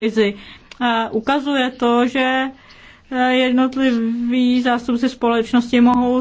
krizi. Ukazuje to, že eh, jednotliví zástupci společnosti mohou